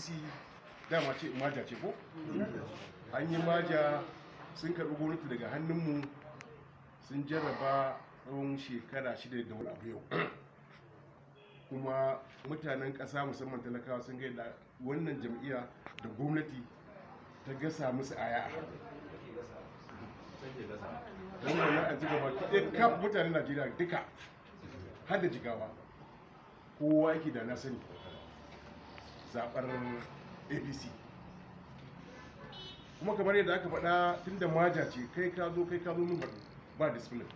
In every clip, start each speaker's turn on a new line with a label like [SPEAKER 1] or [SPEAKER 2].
[SPEAKER 1] apc dama ce maja ce ko an yi maja sun karɓi gwamnati daga hannunmu sun jarraba tsawon shekara shida da wani abu yau kuma mutanen ƙasa musamman talakawa sun gaida wannan jam'iyya da gwamnati ta gasa musu aya a hannu don wannan a jiga baki ɗaya kaf mutanen najeriya duka hada jigawa kowa yake da na sani zaɓar apc kuma kamar yadda aka faɗa tun da maja ce kai ka zo kai ka zo min ba discipline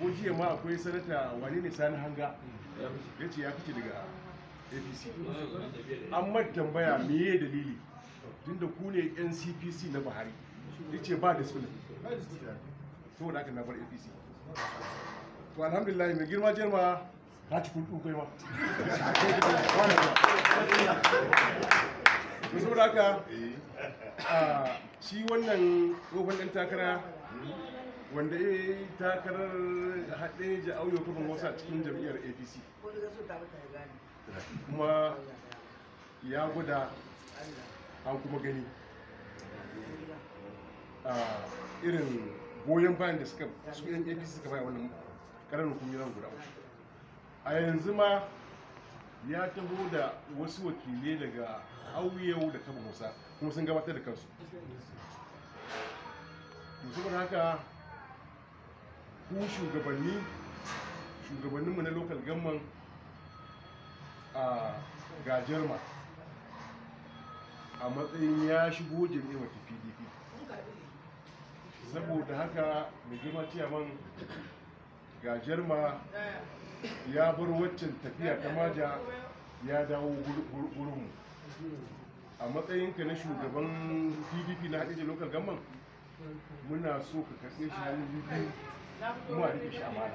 [SPEAKER 1] ko jiya ma akwai sanata wani ne sani hanga ya ce ya fice daga apc amma tambaya meye dalili tunda ku ne NCPC na buhari ya ce ba discipline saboda aka na bar apc to alhamdulillah mai girma jirma na kun kudu kai ma to saboda haka shi wannan tsohon ɗan takara wanda ya yi takarar haɗe ja auyo kafin wasa cikin jam'iyyar apc kuma ya guda an kuma gani irin goyon bayan da suka su yan apc suka bayan wannan karanin kuma yaran guda a yanzu ma ya taho da wasu wakilai daga auyau da taba musa kuma sun gabatar da kansu musamman haka ku shugabanni shugabanninmu na lokal gamman a gajerma a matsayin ya shigo jami'a wata pdp saboda haka mai girma ciyaman ga jirma ya bar waccan tafiya ta maja ya dawo gurinmu a matsayinka na shugaban pdp na haɗe local government muna so ka karɓe shi hannun biyu kuma a rike shi amana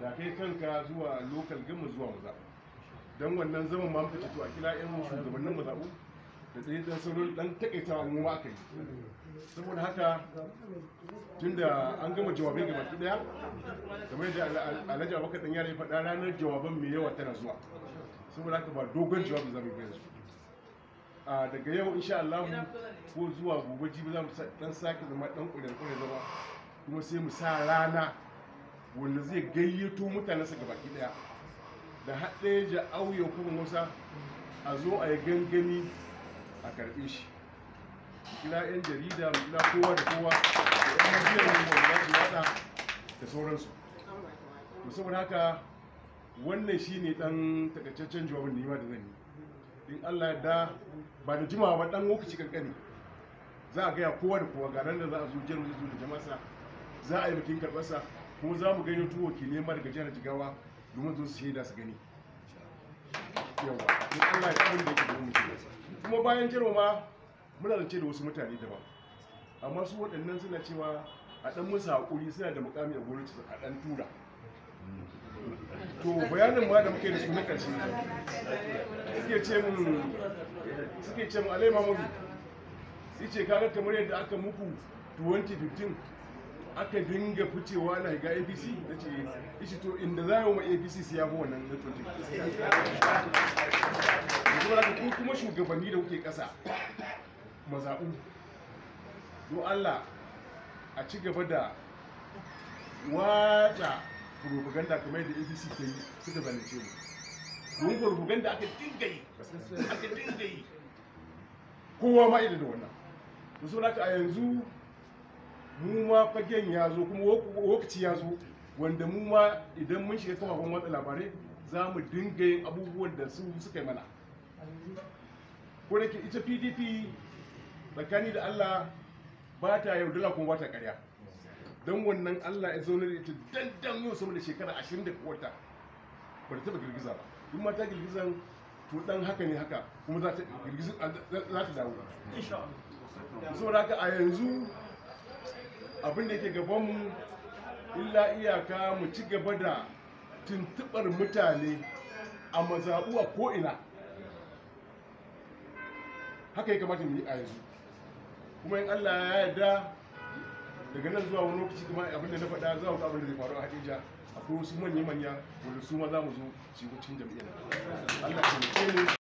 [SPEAKER 1] da kai kanka zuwa local government zuwa maza don wannan zaman ma muka to a kila 'yan shugabannin maza'u da tsaye da sauran dan takaitawa mu ma aka yi saboda haka tunda an gama jawabin ga baki daya kamar yadda alhaji abubakar dan yare faɗa ranar jawaban mai yawa tana zuwa saboda haka ba dogon jawabin za mu yi yanzu daga yau insha Allah ko zuwa gobe jibi za mu ɗan sake zama ɗan kuren kuren zama kuma sai mu sa rana wanda zai gayyato mutanensa ga baki ɗaya da haɗe ja auyo kuma musa a zo a yi gangami a karɓe shi kira 'yan jarida mu kira kowa da kowa da 'yan majiyar mu da su yada da sauransu to saboda haka wannan shine dan takaitaccen jawabin da nima da zan yi in Allah da ba da jimawa ba dan lokaci kankani za a gaya kowa da kowa ga nan da za a zo jiyar zuwa da jama'a za a yi bikin karɓarsa kuma za mu gani tuwo ke ma daga jihar Jigawa domin zo su shaida su gani kuma bayan girmama muna ce da wasu mutane daban amma su waɗannan suna cewa a ɗan musu haƙuri suna da mukami a gurin a ɗan tura to bayanin ma da muke da su na ce suke ce mun suke ce mun alai mamudu yace kaga kamar yadda aka muku 2015 aka dinga ficewa na ga apc na ce ishi to inda za yi wa apc siya fi wannan na to ko kuma shugabanni da kuke kasa mazaɓu don allah a ci gaba da wata propaganda kamar da apc ta yi suka zalunce mu don propaganda aka dinga yi aka dinga yi kowa ma da wannan to so a yanzu mu ma fagen ya zo kuma wakaci ya zo wanda mu ma idan mun shiga kafafen watsa labarai za mu dinga yin abubuwan da su suka yi mana ko da ke ita pdp tsakani da allah ba ta yaudara kuma ba ta karya don wannan allah ya zaune da ita dandan yau sama da shekara ashirin da kwata ba ta taɓa girgiza ba duk mata girgizan to dan haka ne haka kuma za ta dawo saboda haka a yanzu abin da ke gabanmu illa iyaka mu ci gaba da tuntubar mutane a mazaɓu a ko'ina haka ya kamata mu yi a yanzu kuma in allah ya yarda daga nan zuwa wani lokaci kuma abin da na faɗa za mu abin da zai faru a hadija akwai wasu manya-manya wanda su ma za mu zo cikin jam'iyyar allah